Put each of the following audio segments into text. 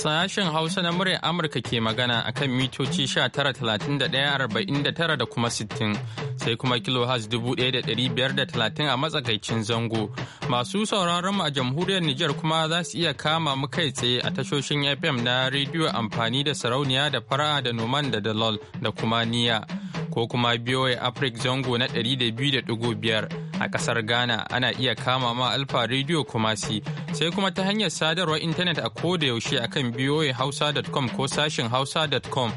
Sashen Hausa na muryar Amurka ke magana akan mitoci talatin da kuma 60. sai kuma kilohertz 1530 a matsakaicin zango masu sauraron mu a jamhuriyar Nijar kuma za su iya kama mu kai tsaye a tashoshin FM na rediyo amfani da sarauniya da fara da noman da dalol da kuma niya ko kuma BOA afrik zango na 200.5 a kasar Ghana ana iya kama ma Alfa rediyo Kumasi sai kuma ta hanyar sadarwar intanet a kodayaushe yaushe akan BOA Hausa.com ko sashin Hausa.com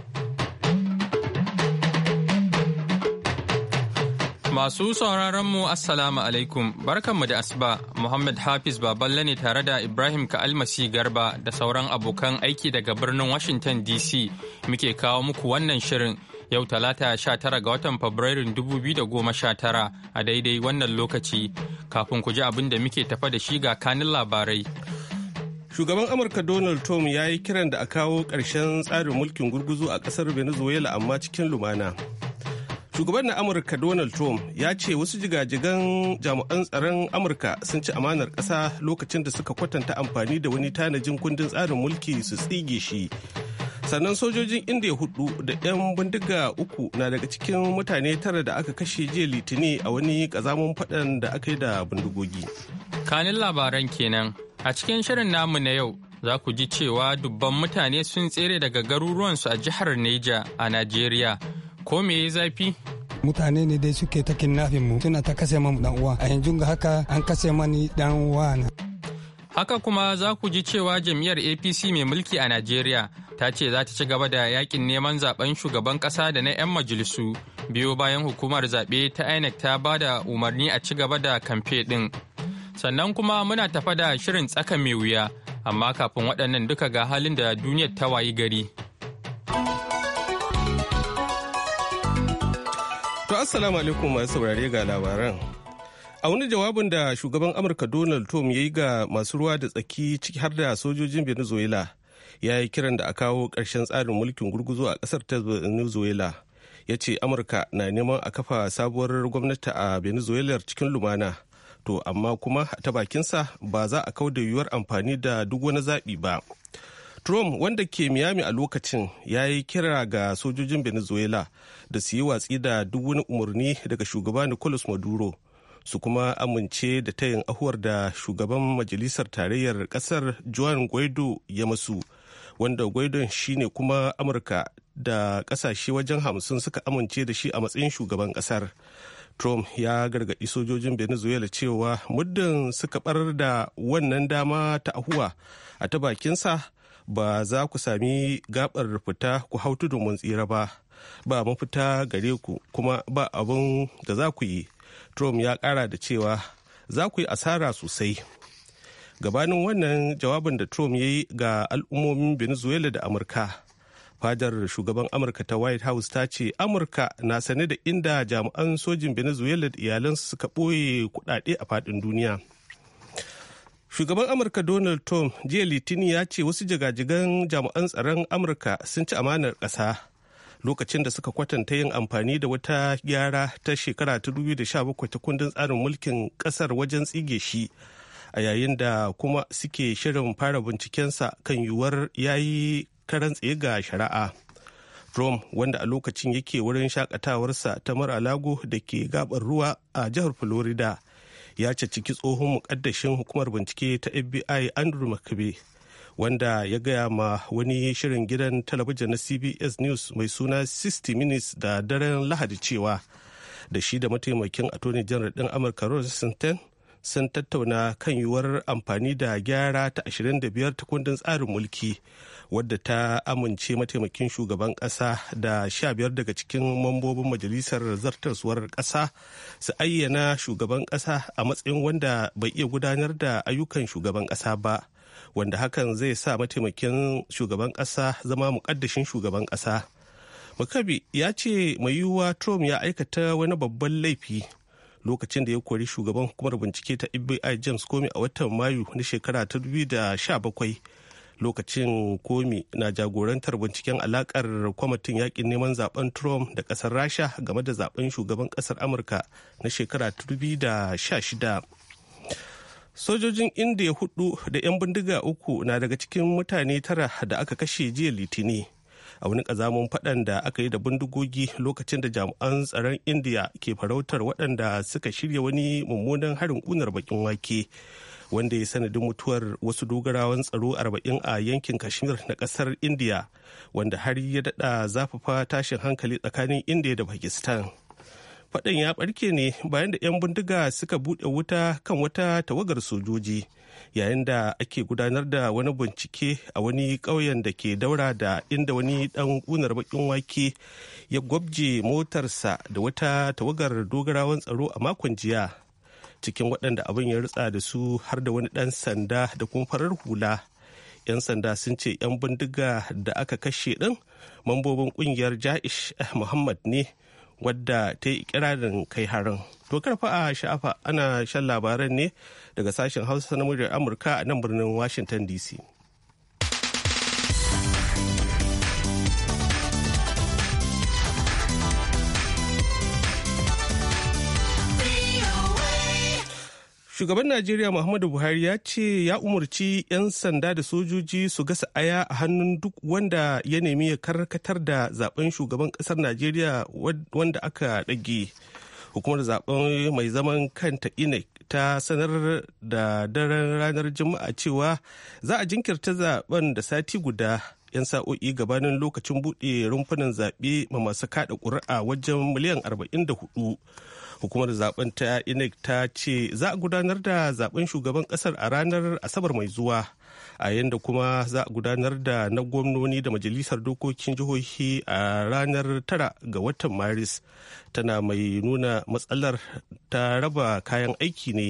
Masu sauraron mu Assalamu alaikum barkanmu da asuba Muhammad Hafiz Baballe ne tare da Ibrahim Ka'almasi Garba da sauran abokan aiki daga birnin Washington DC muke kawo muku wannan shirin yau talata 19 ga watan Fabrairun 2019 a daidai wannan lokaci kafin ku ji abin da muke tafa da shi ga kanin labarai. Shugaban Amurka Donald Trump ya yi kiran da a kawo ƙarshen tsarin mulkin gurguzu a ƙasar Venezuela amma cikin lumana. shugaban na amurka donald trump ya ce wasu jigajigan jami'an tsaron amurka sun ci amanar ƙasa lokacin da suka kwatanta amfani da wani tanajin kundin tsarin mulki su tsige shi sannan sojojin indiya hudu da 'yan bindiga uku na daga cikin mutane tara da aka kashe jiya litini a wani ƙazamin faɗan da aka yi da bindigogi kanin labaran kenan a cikin shirin namu na yau za ku ji cewa dubban mutane sun tsere daga garuruwansu a jihar neja a najeriya ko me ya zafi mutane ne dai suke ta kinnafin mu suna ta kashe mu dan uwa a yanzu ga haka an kashe mani dan uwa na haka kuma za ku ji cewa jam'iyyar apc mai mulki a najeriya ta ce za ta ci gaba da yakin neman zaben shugaban kasa da na 'yan majalisu biyo bayan hukumar zaɓe ta inec ta ba da umarni a ci gaba da kamfe ɗin sannan kuma muna tafa da shirin tsaka mai wuya amma kafin waɗannan duka ga halin da duniyar ta wayi gari Assalamu alaikum masu saurare ga labaran. A wani jawabin da shugaban Amurka Donald Trump ya yi ga masu ruwa da tsaki ciki har da sojojin Venezuela ya yi kiran da a kawo ƙarshen tsarin mulkin gurguzu a ƙasar ta Venezuela. Ya ce Amurka na neman a kafa sabuwar gwamnati a Venezuela cikin lumana. To amma kuma ta bakinsa ba za a kau da yiwuwar amfani da duk wani zaɓi ba. Trump wanda ke Miami a lokacin ya yi kira ga sojojin Venezuela da su yi watsi da duk wani umarni daga shugaba Nicolas Maduro su kuma amince da tayin ahuwar da shugaban majalisar tarayyar kasar Juan Guaido ya masu wanda Guaidon shine kuma Amurka da kasashe wajen hamsin suka amince da shi a matsayin shugaban kasar. Trump ya gargaɗi sojojin Venezuela cewa muddin suka barar da wannan dama ta ahuwa a ta bakinsa ba za ku sami gabar fita ku hau tudun mun tsira ba ba mafita gare ku kuma ba abun da za ku yi trump ya kara da cewa za ku yi asara sosai gabanin wannan jawabin da trump ya yi ga al'ummomin venezuela da amurka fadar shugaban amurka ta white house ta ce amurka na sane da inda jami'an sojin venezuela da iyalansu suka ɓoye kuɗaɗe a faɗin duniya Shugaban Amurka Donald Trump jiya Litinin ya ce wasu jigajigan jami'an tsaron Amurka sun ci amanar ƙasa lokacin da suka kwatanta yin amfani da wata gyara ta shekara ta 2017 ta kundin tsarin mulkin ƙasar wajen tsige shi a yayin da kuma suke shirin fara bincikensa kan yiwuwar ya yi karan tsaye ga shari'a. Trump wanda a lokacin yake wurin shakatawarsa ta mara lago da ke gabar ruwa a jihar Florida. ya cicciki tsohon mukaddashin hukumar bincike ta FBI Andrew McCabe wanda ya gaya ma wani shirin gidan talabijin na CBS News mai suna 60 Minutes da daren Lahadi cewa da shi da mataimakin attorney general din Amurka Ross sun tattauna kan yiwuwar amfani da gyara ta 25 ta kundin tsarin mulki wadda ta amince mataimakin shugaban ƙasa da sha biyar daga cikin mambobin majalisar zartaswar ƙasa su ayyana shugaban ƙasa a matsayin wanda bai iya gudanar da ayyukan shugaban ƙasa ba wanda hakan zai sa mataimakin shugaban ƙasa zama muƙaddashin shugaban ƙasa makabi ya ce mai yiwuwa trump ya aikata wani babban laifi lokacin da ya kori shugaban hukumar bincike ta fbi james comey a watan mayu na shekara ta 2017 lokacin komi na jagorantar binciken alakar kwamitin yakin neman zaben trump da kasar rasha game da zaben shugaban kasar amurka na shekara 2016 sojojin indiya hudu da 'yan bindiga uku na daga cikin mutane tara da aka kashe jiya litini a wani kazamun faɗan da aka yi da bindigogi lokacin da jami'an tsaron indiya ke farautar waɗanda suka shirya wani mummunan harin kunar bakin wake wanda ya sanadin mutuwar wasu dogarawan tsaro arba'in a yankin kashmir na kasar indiya wanda har ya dada zafafa tashin hankali tsakanin india da pakistan faɗin ya ɓarke ne bayan da 'yan bindiga suka buɗe wuta kan wata tawagar sojoji yayin da ake gudanar da wani bincike a wani ƙauyen da ke daura da inda wani ɗan ƙunar baƙin wake ya gwabje motarsa da wata tawagar dogarawan tsaro a makon jiya cikin waɗanda abin ya rutsa da su har da wani ɗan sanda da kuma farar hula 'yan sanda sun ce 'yan bindiga da aka kashe ɗin mambobin ƙungiyar ja'ish eh, muhammad ne wadda ta yi ikirarin kai harin to karfa a sha'afa ana shan labaran ne daga sashen hausa na muryar amurka a nan birnin washington dc Shugaban Najeriya Muhammadu Buhari ya ce ya umarci 'yan sanda da sojoji su gasa aya a hannun duk wanda ya nemi ya karkatar da zaben shugaban kasar Najeriya wanda aka ɗage. Hukumar zaben mai zaman kanta INEC ta sanar da daren ranar Juma'a cewa za a jinkirta zaben da sati guda 'yan sa'o'i gabanin lokacin buɗe rumfunan zaɓe ma masu kaɗa ƙuri'a wajen miliyan 44. hukumar zaben ta inec ta ce za a gudanar da zaben shugaban kasar a ranar asabar mai zuwa a yadda kuma za a gudanar da na gwamnoni da majalisar dokokin jihohi a ranar tara ga watan maris tana mai nuna matsalar ta raba kayan aiki ne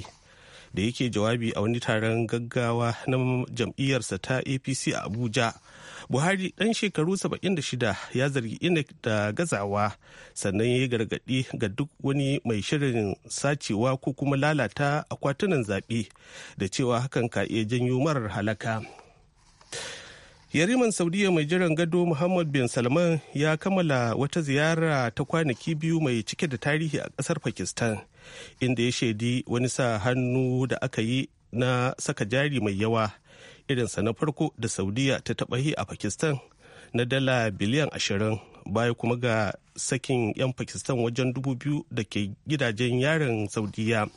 da yake jawabi a wani taron gaggawa na jam'iyyarsa ta apc a abuja buhari dan shekaru 76 ya zargi inec da gazawa sannan ya yi gargadi ga duk wani mai shirin sacewa ko kuma lalata akwatunan zaɓe da cewa hakan ka iya janyo marar halaka yariman saudiya mai jiran gado muhammad bin salman ya kammala wata ziyara ta kwanaki biyu mai cike da tarihi a ƙasar pakistan inda ya shaidi wani sa hannu da aka yi na saka jari mai yawa irinsa na farko da saudiya ta taba yi a pakistan na dala biliyan ashirin baya kuma ga sakin 'yan pakistan wajen dubu biyu da ke gidajen yarin saudiya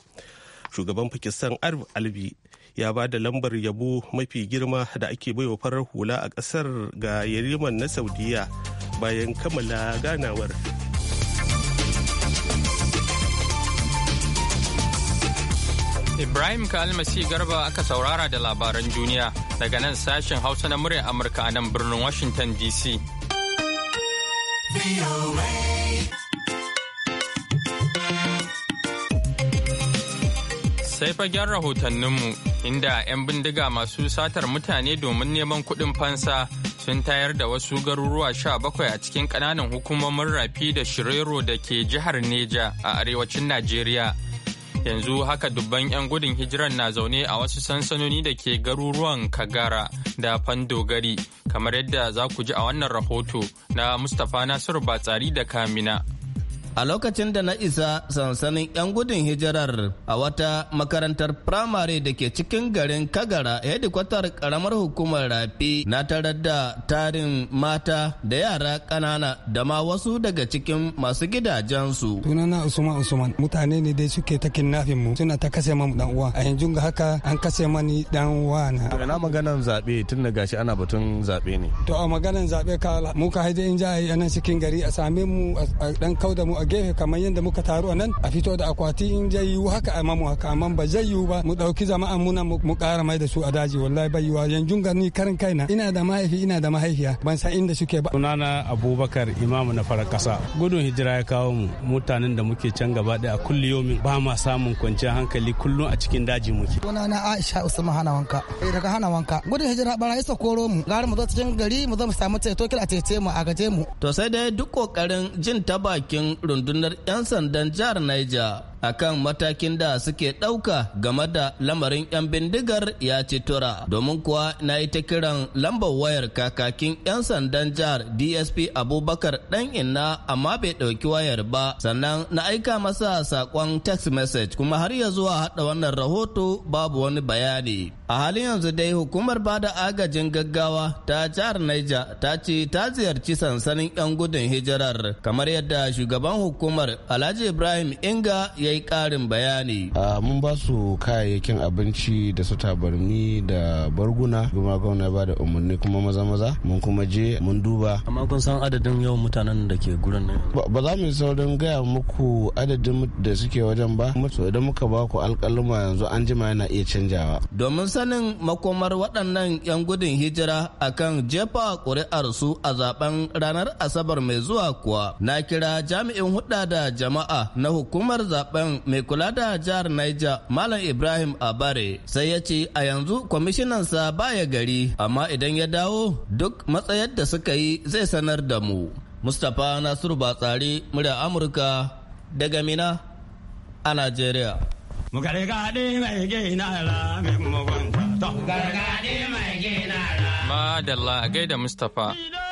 shugaban pakistan arv albi ya ba da lambar yabo mafi girma da ake baiwa farar hula a ƙasar ga yariman na saudiya bayan kammala ganawar. Ibrahim Kalmasi Garba aka saurara da labaran duniya daga nan sashen Hausa na muryar Amurka a nan birnin Washington DC. Sai fagen rahotanninmu inda 'yan bindiga masu satar mutane domin neman kuɗin fansa sun tayar da wasu garuruwa sha bakwai a cikin ƙananan hukumomin rafi da shirero da ke jihar Neja a arewacin Najeriya. yanzu haka dubban 'yan gudun hijiran na zaune a wasu sansanoni da ke garuruwan kagara da fandogari kamar yadda za ku ji a wannan rahoto na mustapha nasiru batsari da kamina A lokacin da na isa sansanin 'yan gudun hijirar a wata makarantar firamare da ke cikin garin Kagara hedikwatar karamar hukumar rafi na tarar da tarin mata da yara ƙanana da ma wasu daga cikin masu gidajensu. Sunana Usman Usman mutane ne dai suke ta kinnafin mu suna ta kase mamu dan uwa a yanzu ga haka an kase mani dan uwa na. To ina maganan zaɓe tun da gashi ana batun zaɓe ne. To a maganan zaɓe ka mu ka haje in ja a nan cikin gari a same mu a dan kauda mu a gefe kamar yadda muka taru a nan a fito da akwati in zai yiwu haka a mamu haka amma ba zai yiwu ba mu ɗauki jama'an muna mu ƙara mai da su a daji wallahi bai yiwa yanzu gani karin kaina ina da mahaifi ina da mahaifiya ban san inda suke ba. sunana abubakar imamu na fara kasa gudun hijira ya kawo mu mutanen da muke can gaba ɗaya a kulliyomin ba ma samun kwanciyar hankali kullum a cikin daji muke. sunana aisha usman hana wanka eh, daga hana wanka gudun hijira bara isa koro mu gara mu zo cikin gari mu zo mu samu ceto kila a cece mu a gaje mu. to sai dai duk kokarin jin ta bakin rundunar 'yan sandan jihar Niger kan matakin da suke ɗauka game da lamarin 'yan bindigar ya ci tura domin kuwa na yi ta kiran lambar wayar kakakin 'yan sandan jihar dsp abubakar ɗan inna amma bai ɗauki wayar ba sannan na aika masa saƙon text message kuma har ya zuwa haɗa wannan rahoto babu wani bayani a halin yanzu dai hukumar bada agajin gaggawa ta jihar niger ta ce ta ziyarci sansanin 'yan gudun hijirar kamar yadda shugaban hukumar alhaji ibrahim inga ya yi karin bayani. mun ba su kayayyakin abinci da su tabarmi da barguna kuma gwamna ba da umarni kuma maza maza mun kuma je mun duba. amma kun san adadin yawan mutanen da ke gurin nan. ba za mu yi saurin gaya muku adadin da suke wajen ba idan muka ba ku alƙaluma yanzu an jima yana iya canjawa. domin sanin makomar waɗannan 'yan gudun hijira akan jefa ƙuri'ar su a zaben ranar asabar mai zuwa kuwa na kira jami'in huɗa da jama'a na hukumar zaben zaben mai kula da jihar Niger Malam Ibrahim Abare sai ya ce a yanzu kwamishinansa baya gari amma idan ya dawo duk matsayar da suka yi zai sanar da mu. Mustapha Nasiru Batsari murya Amurka daga Mina a Najeriya. Madalla a gaida Mustapha.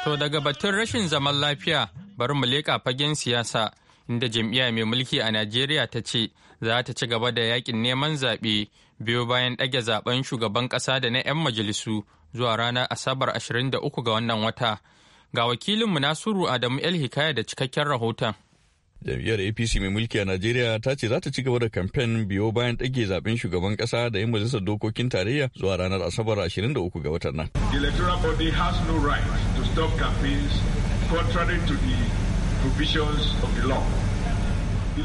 To daga batun rashin zaman lafiya bari mu leƙa fagen siyasa inda jam'iyya mai mulki a najeriya ta ce za ta ci gaba da yakin neman zaɓe biyo bayan ɗage zaben shugaban ƙasa da na 'yan majalisu zuwa ranar asabar 23 ga wannan wata ga wakilinmu nasiru adamu el hikaya da cikakken rahoton jam'iyyar apc mai mulki a najeriya ta ce za ta ci gaba da kamfen biyo bayan ɗage zaben shugaban ƙasa da yin majalisar dokokin tarayya zuwa ranar asabar 23 ga watan nan the electoral body has no right to stop campaigns contrary to the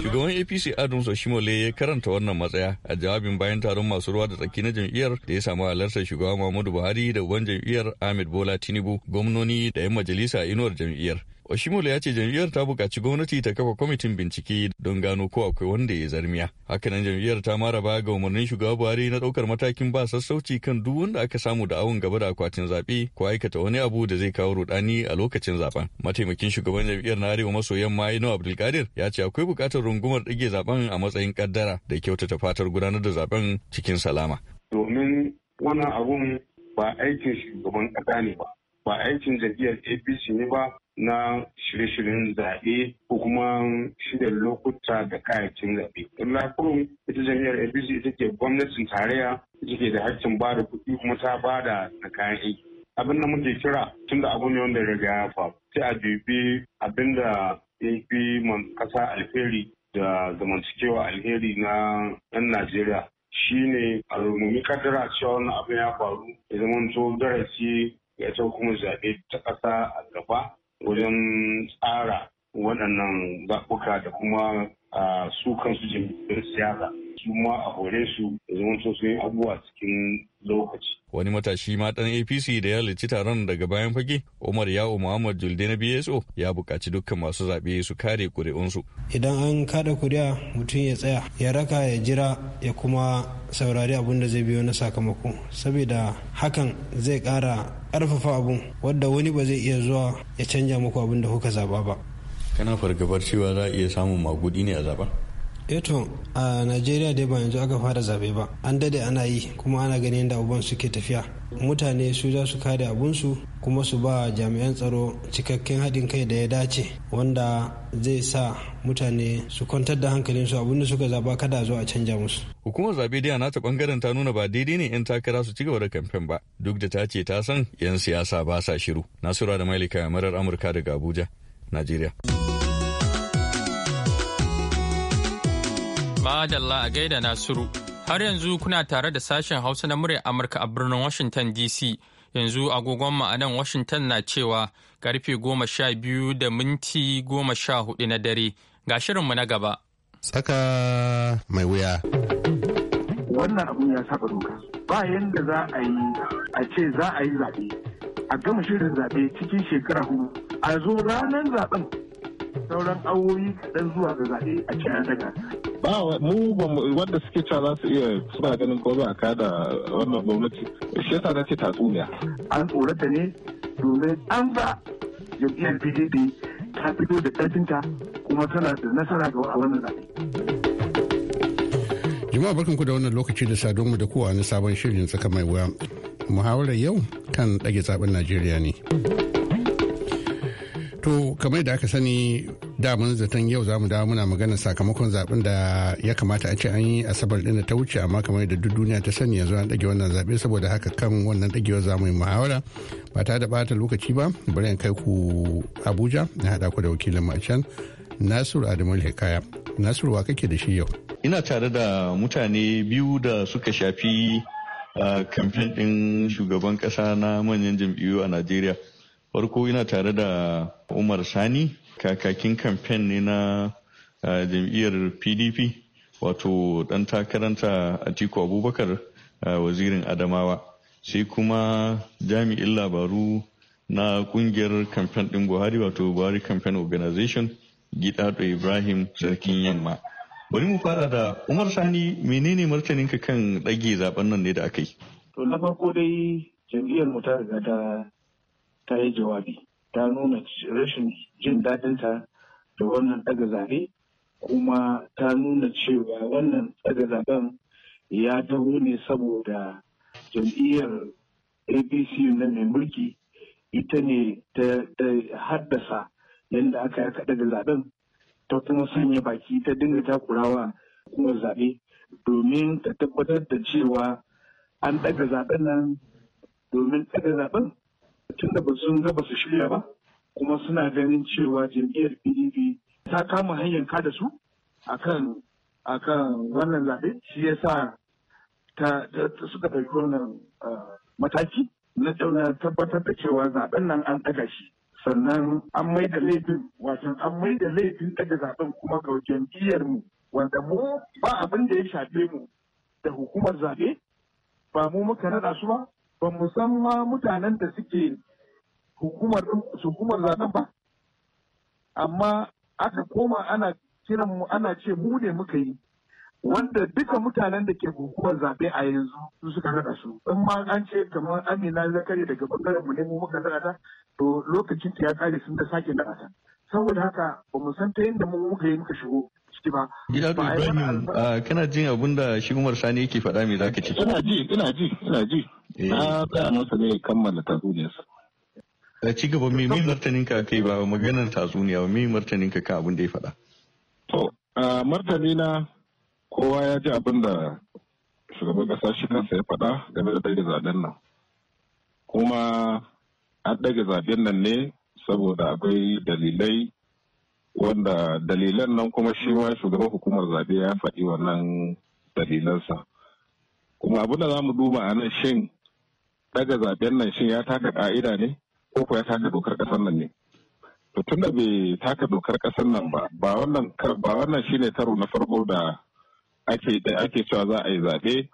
Shugaban APC Adams Oshimole ya karanta wannan matsaya a jawabin bayan taron masu ruwa da tsaki na jam'iyyar da ya samu halartar shugaban Muhammadu Buhari da uban jam'iyyar Ahmed Bola Tinubu gwamnoni da 'yan majalisa inuwar jam'iyyar. Oshimola ya ce jam'iyyar ta buƙaci gwamnati ta kafa kwamitin bincike don gano ko akwai wanda ya zarmiya. Hakanan jam'iyyar ta mara baya ga umarnin shugaba Buhari na ɗaukar matakin ba sassauci kan duk wanda aka samu da awon gaba da akwatin zaɓe ko aikata wani abu da zai kawo rudani a lokacin zaben. Mataimakin shugaban jam'iyyar na Arewa maso yamma Aino Abdulkadir ya ce akwai buƙatar rungumar ɗage zaben a matsayin ƙaddara da kyautata fatar gudanar da zaben cikin salama. Domin wannan abun ba aikin shugaban ƙasa ne ba, ba aikin jam'iyyar APC ne ba, na shirye-shiryen zaɓe ko kuma shirya lokuta da kayayyakin zaɓe. Lafurin ita jami'ar APC ita ke gwamnatin tarayya ita ke da hakkin ba da kuɗi kuma ta ba da kayan aiki. Abin da muke kira tun da abu ne wanda riga ya faru. Sai a dubi abin da ya fi kasa alheri da zamantakewa alheri na 'yan Najeriya. shine a rungumi kadara cewa wani abu ya faru ya zama to darasi ya ta kuma zaɓe ta ƙasa a gaba wajen tsara waɗannan zaɓuka da kuma ah, su kansu jam'iyyar siyasa su ma a hore su da zaman so abubuwa cikin lokaci. Wani matashi ma ɗan APC da ya halarci taron daga bayan fage, Umar Yawo Muhammad Julde na BSO ya buƙaci dukkan masu zaɓe su kare ƙuri'unsu. Idan an kaɗa kuri'a mutum ya tsaya, ya raka ya jira ya kuma saurari abun da zai biyo na sakamako. Saboda hakan zai ƙara ƙarfafa abun wadda wani ba zai iya zuwa ya canja muku abin da kuka zaba ba. Kana fargabar cewa za a iya samun magudi ne a zaɓen? eto eh a najeriya dai ba yanzu aka fara zabe ba an dade ana yi kuma ana ganin da abubuwan suke tafiya mutane su za su kare abunsu kuma su ba jami'an tsaro cikakken haɗin kai da ya dace wanda zai sa mutane su kwantar da hankalin su abinda suka zaba kada zo a canja musu hukumar zabe dai nata bangaren ta nuna ba daidai ne yan takara su ci gaba da kamfen ba duk da ta ce ta san yan siyasa ba sa shiru nasura da mailika marar amurka daga abuja najeriya Madalla a gaida Nasiru. Har yanzu kuna tare da sashen Hausa na murya Amurka a birnin Washington DC. Yanzu agogon mu a nan Washington na cewa karfe goma sha biyu da minti goma sha hudu na dare. Ga shirinmu na gaba. Tsaka mai wuya. Wannan abu ya saba doka. Ba yanda za a yi a ce za a yi zaɓe. A gama shirin zaɓe cikin shekara hudu. A zo ranar zaɓen sauran awoyi kaɗan zuwa ga zaɓe a cikin daga. ba mu wanda suke cewa za su iya suna ganin ko za a kada wannan gwamnati shi yasa na ce tatsuniya an tsorata ne domin an ba jam'iyyar pdp ta fito da ƙarfinta kuma tana da nasara ga wannan zaɓe Jama'a ku da wannan lokaci da mu da kowa na sabon shirin tsaka mai wuya. Muhawarar yau kan ɗage zaben Najeriya ne. To kamar da aka sani damun zaton yau za mu dawo muna magana sakamakon zaben da ya kamata a ce an yi asabar din da ta wuce amma kamar da duk duniya ta sani yanzu an dage wannan zabe saboda haka kan wannan dagewar za mu yi muhawara ba ta da bata lokaci ba bari in kai ku Abuja na haɗa ku da wakilin mu a can Nasiru Adamu Hikaya Nasiru wa kake da shi yau ina tare da mutane biyu da suka shafi ah, kamfen ɗin shugaban kasa na manyan jam'iyyu a Najeriya farko ina tare da umar sani kakakin kamfen ne na jam'iyyar pdp wato dan takaranta atiku abubakar wazirin adamawa sai kuma jami'in labaru na kungiyar kamfen din buhari wato buhari kamfen organization gidado ibrahim sarkin yamma bari mu fara da umar sani menene martaninka kan ɗage zaben nan ne da aka yi to na farko dai jam'iyyar mu ta riga ta ta yi jawabi ta nuna rashin jin daɗinta da wannan ɗaga zaɓe kuma ta nuna cewa wannan ɗaga zaɓen ya taho ne saboda jam'iyyar apc na mai mulki ita ne ta haddasa yadda aka aka daga zaben ta kuma sanya baki ta dinga takurawa kuma zaɓe domin ta tabbatar da cewa an daga zaben nan domin daga zaben tunda ba sun ga ba su shirya ba kuma suna ganin cewa jam'iyyar pdp ta kama hanyar kada su akan akan wannan zaɓe shi ya sa ta suka ɗauki wannan mataki na tabbatar da cewa zaɓen nan an ɗaga shi sannan an mai da laifin wato an mai da laifin ɗaga zaɓen kuma ga jam'iyyar mu wanda mu ba abin da ya shafe mu da hukumar zaɓe ba mu muka naɗa su ba ba mu san ma mutanen da suke hukumar hukumar ba amma aka koma ana kiran mu ana ce mu ne muka yi wanda duka mutanen da ke hukumar zaɓe a yanzu su suka naɗa su in ma an ce kamar amina zakari daga bangaren mu ne mu muka naɗa to lokacin ta ya kare sun ta sake naɗa saboda haka ba mu san ta yadda mu muka yi muka shigo ciki ba. Gida da Ibrahim ah, kana jin abin da shi Umar Sani yake faɗa me zaka ce? Ina ji ina ji ina ji. Eh. Na tsaya masa ne kammala tatsuniyarsa. Da ci gaba me me martanin ka kai ba maganar tatsuniya me martanin ka kan abin da ya faɗa. To martani na kowa ya ji abin da shugaban kasa shi kansa ya faɗa game da ɗage zaben nan. Kuma an ɗage zaben nan ne saboda akwai dalilai wanda dalilan nan kuma shi ma shugaban hukumar zaɓe ya faɗi wannan dalilansa kuma abin da za mu duba a nan shin daga zaɓen nan shin ya taka ƙa'ida ne ko ko ya taka dokar ƙasar nan ne to tun da bai taka dokar ƙasar nan ba ba wannan ba wannan shine karo na farko da ake da ake cewa za a yi zaɓe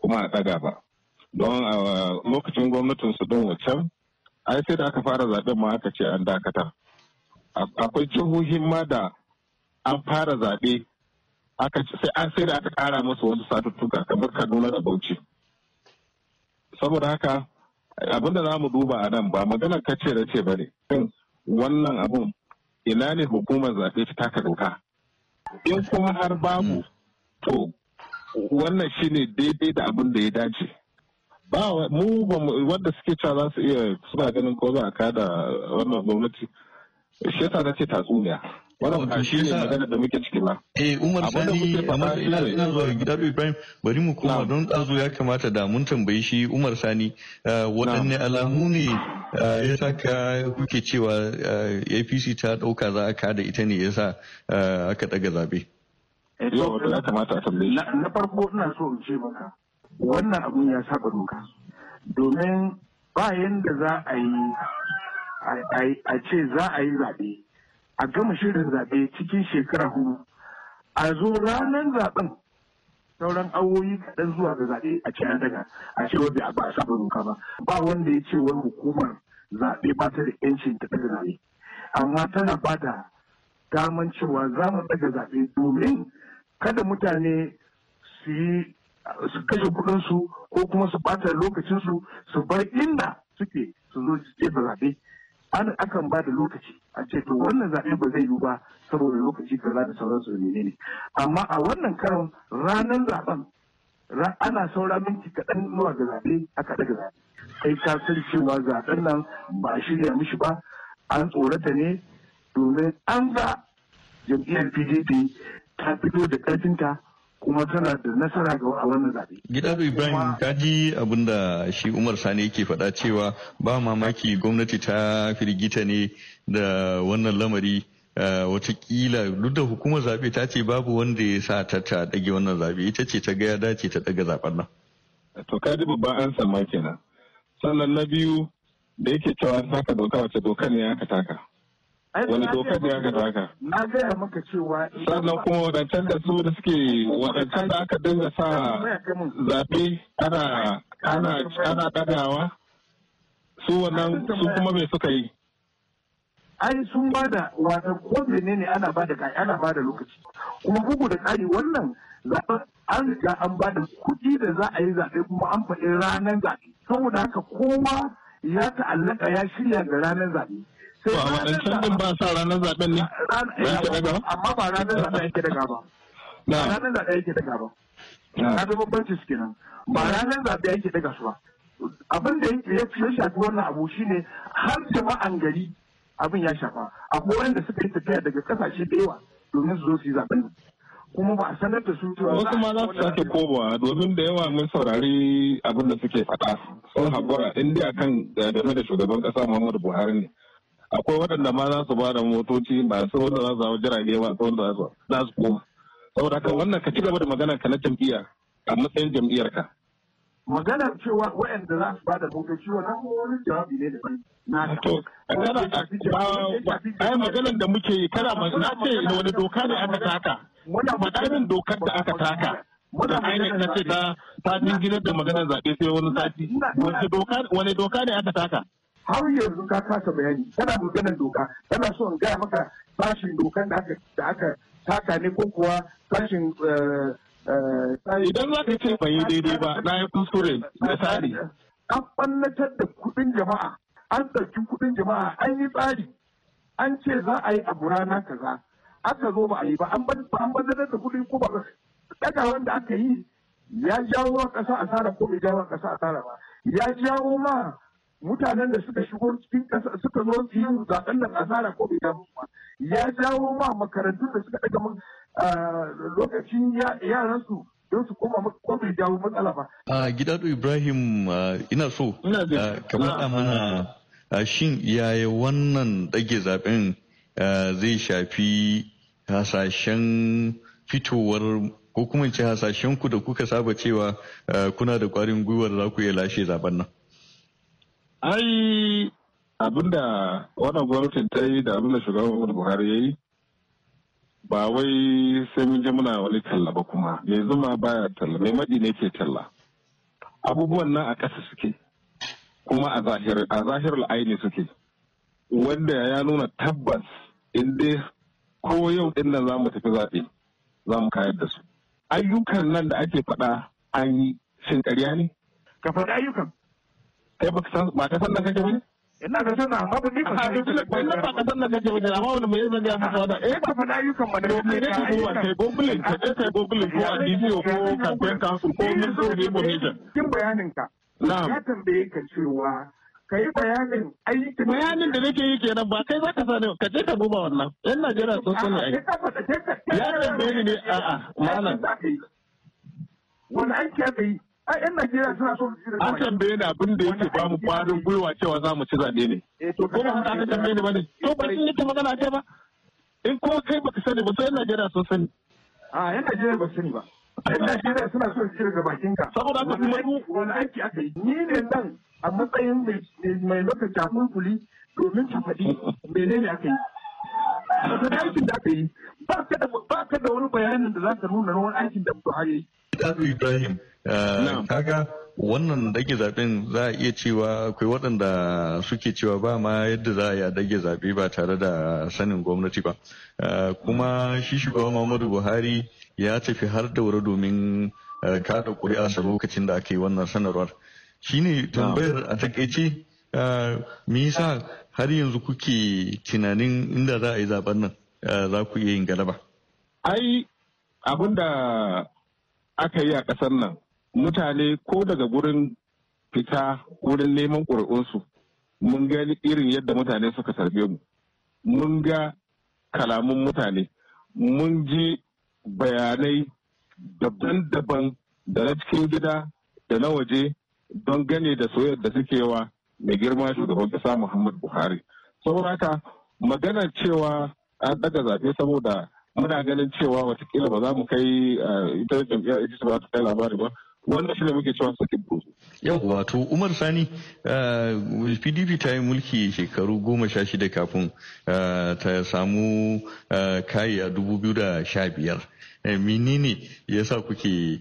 kuma a ɗaga ba don a lokacin gwamnatin su don wancan ai sai da aka fara zaɓen ma aka ce an dakata akwai jihohin ma da an fara zaɓe sai an sai da aka ƙara musu wasu satuttuka kamar kaduna da bauchi saboda haka abinda za mu duba a nan ba maganar kace da ce ba ne wannan abun ina ne hukumar zaɓe ta taka doka in kuma har babu to wannan shine daidai da abin da ya dace ba mu wanda suke cewa za su iya suna ganin ko za a kada wannan gwamnati shi yasa na ce tatsuniya wannan shi ne magana da muke ciki ma eh Umar Sani amma ina ina zuwa gida Ibrahim bari mu koma don ɗazu ya kamata da mun tambayi shi Umar Sani eh, waɗanne alamu ne eh, ya saka kuke cewa eh, APC ta ɗauka za a kada ita ne ya sa aka ɗaga zaɓe. yau da ya kamata a tambaye na farko ina so in ce maka wannan abun ya saba doka domin ba da za a yi a ce za a yi zaɓe a gama shirin zaɓe cikin shekara hudu a zo ranar zaɓen sauran awoyi kaɗan zuwa ga zaɓe a ce daga a ce wanda ba a saba doka ba ba wanda ya ce wani hukumar zaɓe ba ta da yancin ta ɗaga zaɓe amma tana ba da daman cewa za mu ɗaga zaɓe domin kada mutane su yi su kashe kuɗinsu ko kuma su ɓata lokacinsu su bar inda suke su zo jefa zaɓe an akan ba da lokaci a ce to wannan zaɓe ba zai yiwu ba saboda lokaci kaza da sauransu ne amma a wannan karon ranar zaben ana saura minti kaɗan nuwa ga zaɓe aka daga zaɓe kai ka san cewa zaɓen nan ba a shirya mishi ba an tsorata ne domin an ga jam'iyyar pdp ta fito da ƙarfinta kuma tana da nasara ga a wannan zaɓe. Gida Ibrahim bayan ji abin da shi Umar Sani yake faɗa cewa ba mamaki gwamnati ta firgita ne da wannan lamari eh, watakila duk da hukumar zaɓe ta ce babu wanda ya sa ta ta ɗage wannan zaɓe ita ce ta gaya dace ta ɗaga zaɓen nan. To ka ji babban an sama kenan. Sannan na biyu da yake cewa saka doka wace doka ne aka taka. wani dokar da ya gada haka. Na gaya maka cewa. Eh. Sannan kuma wadancan da su da suke wadancan da aka dinga sa zaɓe ana ana ana dagawa su wannan su kuma me suka yi. Ai sun bada wata ko ne ana ba kai ana da lokaci. Kuma bugu da ƙari wannan zaɓen an riga an da kuɗi da za a yi zaɓe kuma an faɗi ranar zaɓe. Saboda haka kowa ya ta'allaka ya shirya ga ranar zaɓe. Sai Ba waɗancan din ba sa ranar zaben ne? Amma ba ranar zaben yake daga ba. Ba ranar zaben yake daga ba. Na ga bambanci su nan. Ba ranar zaben yake daga su ba. Abin da ya shafi wannan abu shine har jama'an gari abin ya shafa. Akwai wanda suka yi tafiya daga kasashe da yawa domin su zo su yi zaben. kuma ba a sanar da su cewa wasu ma za su sake komawa domin da yawa mun saurari abin da suke faɗa sun haƙura in kan akan eh, game da shugaban ƙasa Muhammadu Buhari ne akwai waɗanda ma za su ba da motoci su wanda za su hau jirage su wanda za su koma saboda haka wannan ka ci gaba da magana ka na jam'iyya a matsayin jam'iyyar ka maganar cewa waɗanda za su ba da motoci wannan wani jawabi ne da na to ai maganar da muke yi kana na ce wani doka ne aka taka madarin dokar da aka taka Muna ainihin na ce ta ta jinginar da maganar zaɓe sai wani sati wani doka ne aka taka har yanzu ka kasa bayani kana maganar doka kana so in gaya maka sashin dokan da aka da aka taka ne ko kuwa sashin eh, eh, idan za ka ce ban yi daidai ba na yi kuskure na tsari an ɓannatar da kuɗin jama'a an ɗauki kuɗin jama'a an yi tsari an ce za a yi abu rana kaza aka zo ba a yi ba an ɓannatar da kuɗi ko ba daga wanda aka yi ya jawo ƙasa asara ko bai jawo ƙasa asara ba ya jawo ma mutanen da suka shigo cikin ƙasa suka zo su yi zaɓen nan asara ko bai damu ba ya jawo ma makarantun da suka ɗaga lokacin yaransu don su koma ko bai jawo matsala ba. a gidado ibrahim ina so kamar a mana shin yaya wannan ɗage zaɓen zai shafi hasashen fitowar ko kuma hasashen ku da kuka saba cewa kuna da kwarin gwiwar za ku iya lashe zaben nan. Ai abinda wannan gwamnatin ta yi da abinda shugaban Muhammadu Buhari ya yi ba wai sai mun je muna wani talla ba kuma yanzu ma baya talla mai maɗi ne ke talla abubuwan nan a ƙasa suke kuma a zahir a suke wanda ya nuna tabbas inda ko yau din nan za mu tafi zaɓe za mu kayar da su ayyukan nan da ake faɗa an yi shin ne ka faɗi ayyukan kai baka san ba ka san da kake ba ina da sana amma ba ni ba ka san da kake ba amma wani mai zan ga maka wada eh ba fa ayyukan mana ne ne ka duba kai google ka je kai google ko a DCO ko campaign council ko ministry of information kin bayanin ka ya tambaye ka cewa kai bayanin ayyukan bayanin da nake yi kenan ba kai zaka sani ka je ka duba wannan yan Najeriya sun sani ai ya tambaye ni ne a'a malam wani aiki aka yi 'yan Najeriya suna An tambaye ni abin da yake ba mu kwarin gwiwa cewa za mu ci zaɓe ne. Eh, ko ba ta tambaye ni ba ne. To ba shi yake magana kai ba. In ko kai baka sani ba sai 'yan Najeriya sun sani. A ah, 'yan Najeriya ba sani ba. 'Yan Najeriya suna so su ci daga bakin ka. Saboda haka kuma wani aiki aka yi. Ni ne nan a matsayin mai lokaci a kulkuli domin ta faɗi menene aka yi. Saboda aikin da aka yi ba ka da wani bayanin da za ka nuna wani aikin da Buhari ya yi. Ibrahim. Eh, kaga wannan dage zaben za a iya cewa akwai waɗanda suke cewa ba ma yadda za a yi a dage zaɓe ba tare da sanin gwamnati ba eh, kuma shi shugaban muhammadu buhari ya tafi har daura domin eh, kada a lokacin da aka yi wannan sanarwar shine tambayar a takaice me yasa har yanzu kuke tunanin inda za a yi zaben nan za ku iya yin galaba ai abin aka yi a ƙasar nan mutane ko daga gurin fita wurin neman ƙuri'unsu mun ga irin yadda mutane suka sarbe mu mun ga kalamun mutane mun ji bayanai daban-daban da na cikin gida da na waje don gane da soyayyar da suke wa mai girma shugaban kasa Muhammad Buhari. Saboda haka magana cewa an daga zaɓe saboda muna ganin cewa watakila ba za mu kai eh, ita jam'iyyar ita ba ta kai labari ba wannan shi ne muke cewa sakin buzu. Yau, to umar sani pdp eh, ta yi mulki shekaru goma sha shida kafin eh, ta samu eh, kayi a dubu biyu da sha biyar menene ya sa kuke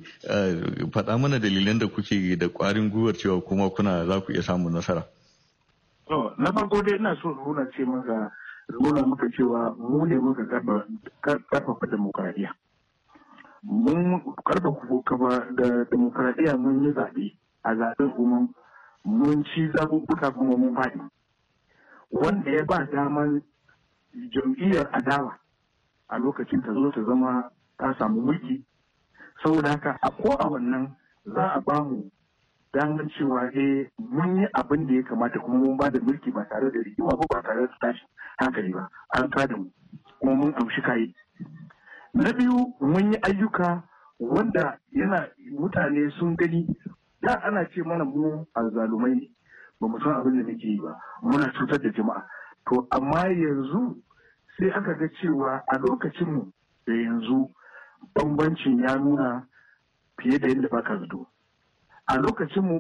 faɗa mana dalilan da kuke da ƙwarin gwiwar cewa kuma kuna za ku iya samun nasara na farko dai ina so nuna ce maka nuna muka cewa mu ne muka karfafa demokradiyya mun karfafa ko kama da demokradiyya mun yi zaɓe a zaɓen kuma mun ci zaɓuɓɓuka kuma mun faɗi wanda ya ba daman jam'iyyar adawa a lokacin ta zo ta zama ta samu mulki saboda haka a ko a wannan za a ba mu damar cewa eh mun yi abin da ya kamata kuma mun ba da mulki ba tare da rigima ba ba tare da tashi hankali ba an da mu kuma mun amshi kayi na biyu mun yi ayyuka wanda yana mutane sun gani da ana ce mana mu azzalumai ne ba mu san abin da nake yi ba muna cutar da jama'a to amma yanzu sai aka ga cewa a lokacin mu da yanzu bambancin ya nuna fiye da yadda baka zato a lokacin mu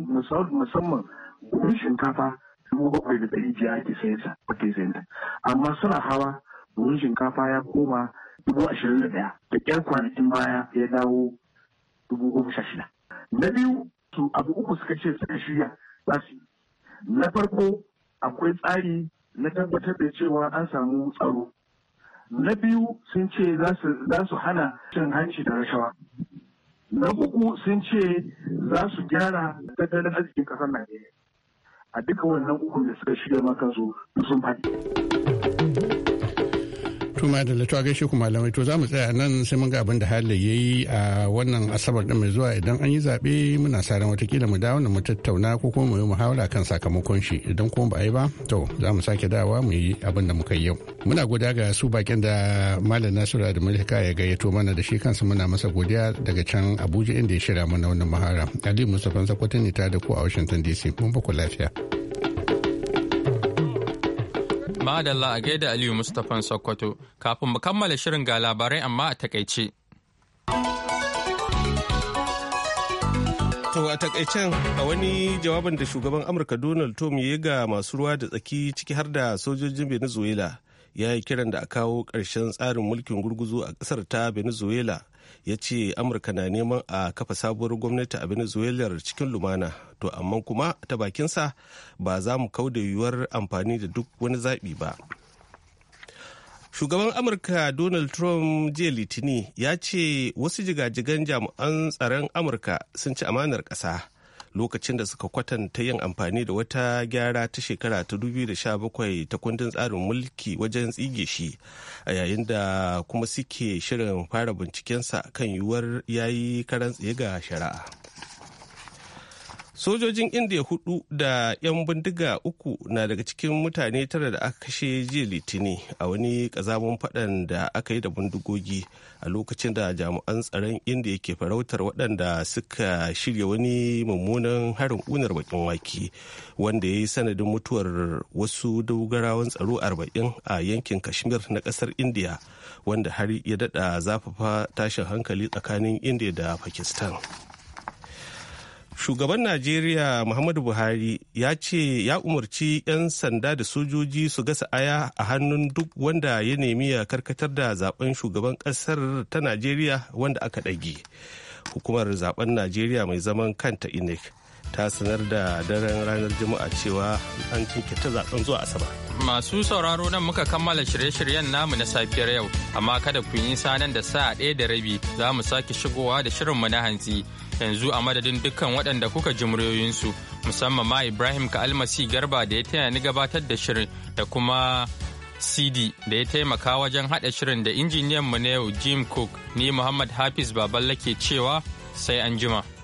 musamman buhun shinkafa dubu bakwai da ɗari jiya, ake sayan ta amma suna hawa buhun shinkafa ya koma dubu ashirin da ɗaya da ƙyar kwanakin baya ya dawo dubu goma sha shida. Na biyu su abu uku suka ce suka shirya za su yi. Na farko akwai tsari na tabbatar da cewa an samu tsaro. Na biyu sun ce za su hana cin hanci da rashawa. Na uku sun ce za su gyara tattalin arzikin ƙasar Najeriya. A duka wannan ukun da suka shirya makansu sun faɗi. tuma da lato gaishe ku malamai to za mu tsaya nan sai mun ga abin da hali ya yi a wannan asabar din mai zuwa idan an yi zaɓe muna sa ran watakila mu dawo mu tattauna ko kuma mu yi muhawara kan sakamakon shi idan kuma ba a yi ba to za mu sake dawa mu yi abin da muka yi yau muna godiya ga su bakin da malam nasiru da mulka ya gayyato mana da shi kansa muna masa godiya daga can abuja inda ya shirya mana wannan muhawara ali mustapha sakwatin ne ta da ku a washington dc mun ba ku lafiya. Madalla a gaida Aliyu Mustapha Sokoto. Kafin mu kammala shirin ga labarai amma a takaice. To a takaicen a wani jawabin da shugaban Amurka Donald Trump ya ga masu ruwa da tsaki ciki har da sojojin Venezuela ya yi kiran da a kawo ƙarshen tsarin mulkin gurguzu a ƙasar ta Venezuela ya ce amurka na neman a kafa sabuwar gwamnati a venezuela cikin lumana to amma kuma ta bakinsa ba za mu kau da yiwuwar amfani da duk wani zaɓi ba shugaban amurka donald trump jiya litini ya ce wasu jigajigan jami'an tsaron amurka sun ci amanar ƙasa lokacin da suka kwatanta yin amfani da wata gyara ta shekara ta 2017 ta kundin tsarin mulki wajen tsige shi a yayin da kuma suke shirin fara bincikensa kan yiwuwar yayi karan tsaye ga shari'a. sojojin indiya hudu da 'yan bindiga uku na daga cikin mutane tara da aka kashe jiya litini a wani kazamun fadan da aka yi da bindigogi a lokacin da jami'an tsaron indiya ke farautar waɗanda suka shirya wani mummunan harin unar bakin wake wanda ya yi sanadin mutuwar wasu dogarawan tsaro arba'in a yankin kashmir na ƙasar indiya wanda har ya daɗa zafafa tashin hankali tsakanin indiya da pakistan. shugaban najeriya muhammadu buhari ya ce ya umarci 'yan sanda da sojoji su gasa aya a hannun duk wanda ya nemi ya karkatar da zaben shugaban kasar ta najeriya wanda aka ɗage hukumar zaben najeriya mai zaman kanta inec ta sanar da daren ranar juma'a cewa an cinkita zaben zuwa asabar masu sauraro nan muka kammala shirye-shiryen namu na safiyar yau amma kada ku yi sanan da sa ɗaya da rabi za mu sake shigowa da shirinmu na hantsi yanzu a madadin dukkan waɗanda kuka ji muryoyinsu musamman ma ibrahim ka almasi garba da ya taya ni gabatar da shirin da kuma cd da ya taimaka wajen haɗa shirin da injiniyan mu na yau jim cook ni muhammad hafiz baballa ke cewa sai an jima.